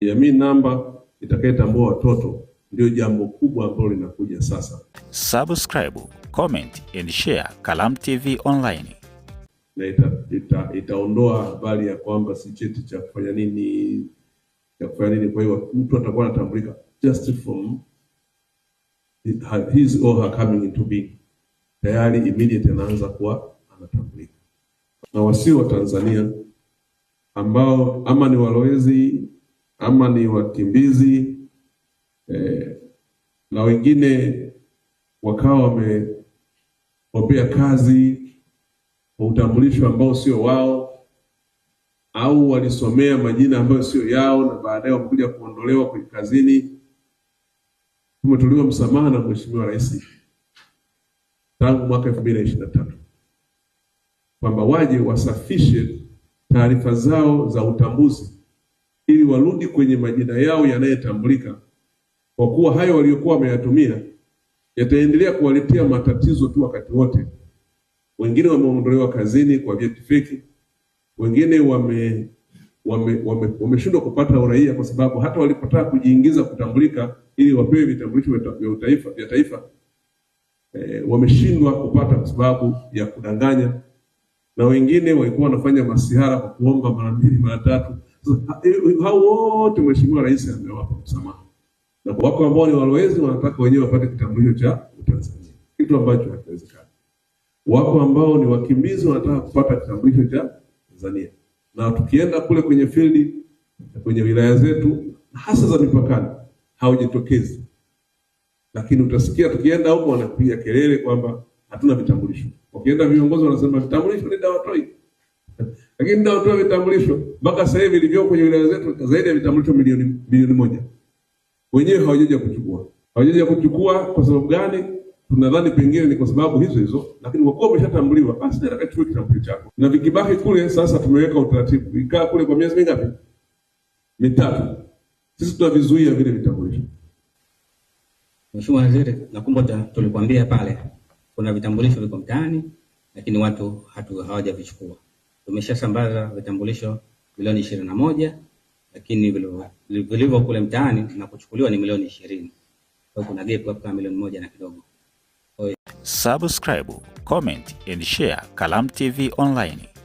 Jamii namba itakayetambua watoto ndio jambo kubwa ambalo linakuja sasa. Subscribe, comment and share Kalamu TV Online. Na ita, ita, itaondoa habari ya kwamba si cheti cha kufanya nini cha kufanya nini. Kwa hiyo mtu atakuwa anatambulika just from his or her coming into being, tayari immediate anaanza kuwa anatambulika. Na wasio wa Tanzania ambao ama ni walowezi ama ni wakimbizi eh, na wengine wakawa wameombea kazi kwa utambulisho ambao sio wao, au walisomea majina ambayo sio yao, na baadaye wamekuja kuondolewa kwenye kazini. Tumetuliwa msamaha na Mheshimiwa Rais tangu mwaka elfu mbili na ishirini na tatu kwamba waje wasafishe taarifa zao za utambuzi ili warudi kwenye majina yao yanayotambulika, kwa kuwa hayo waliokuwa wameyatumia yataendelea kuwaletea matatizo tu wakati wote. Wengine wameondolewa kazini kwa vyeti feki, wengine wame wameshindwa wame, wame kupata uraia kwa sababu hata walipotaka kujiingiza kutambulika ili wapewe vitambulisho vya taifa, vya taifa e, wameshindwa kupata kwa sababu ya kudanganya, na wengine walikuwa wanafanya masihara kwa kuomba mara mbili mara tatu Eh, eh, hao wote Mheshimiwa Rais amewapa msamaha, na wako ambao ni walowezi wanataka wenyewe wapate kitambulisho cha Utanzania, kitu ambacho hakiwezekani. Wako ambao ni wakimbizi wanataka kupata kitambulisho cha Tanzania, na tukienda kule kwenye fildi kwenye wilaya zetu hasa za mipakani haujitokezi, lakini utasikia tukienda huko wanapiga kelele kwamba hatuna vitambulisho. Wakienda viongozi wanasema vitambulisho ni dawatoi lakini ndio utoa vitambulisho mpaka sasa hivi vilivyo kwenye wilaya zetu zaidi ya vitambulisho milioni milioni moja. Wenyewe hawajaja kuchukua. Hawajaja kuchukua kwa sababu gani? Tunadhani pengine ni kwa sababu hizo hizo, lakini kwa kuwa umeshatambuliwa basi ndio akachukua kitambulisho chako. Na vikibaki kule sasa tumeweka utaratibu. Ikaa kule kwa miezi mingapi? Mitatu. Sisi tunavizuia vile vitambulisho. Mheshimiwa Waziri, nakumbuka tulikwambia pale kuna vitambulisho viko mtaani lakini watu hatu hawajavichukua. Tumeshasambaza vitambulisho milioni ishirini na moja lakini vilivyo kule mtaani na kuchukuliwa ni milioni ishirini. Kwa kuna gap kama milioni moja na kidogo. Subscribe, comment and share Kalamu TV Online.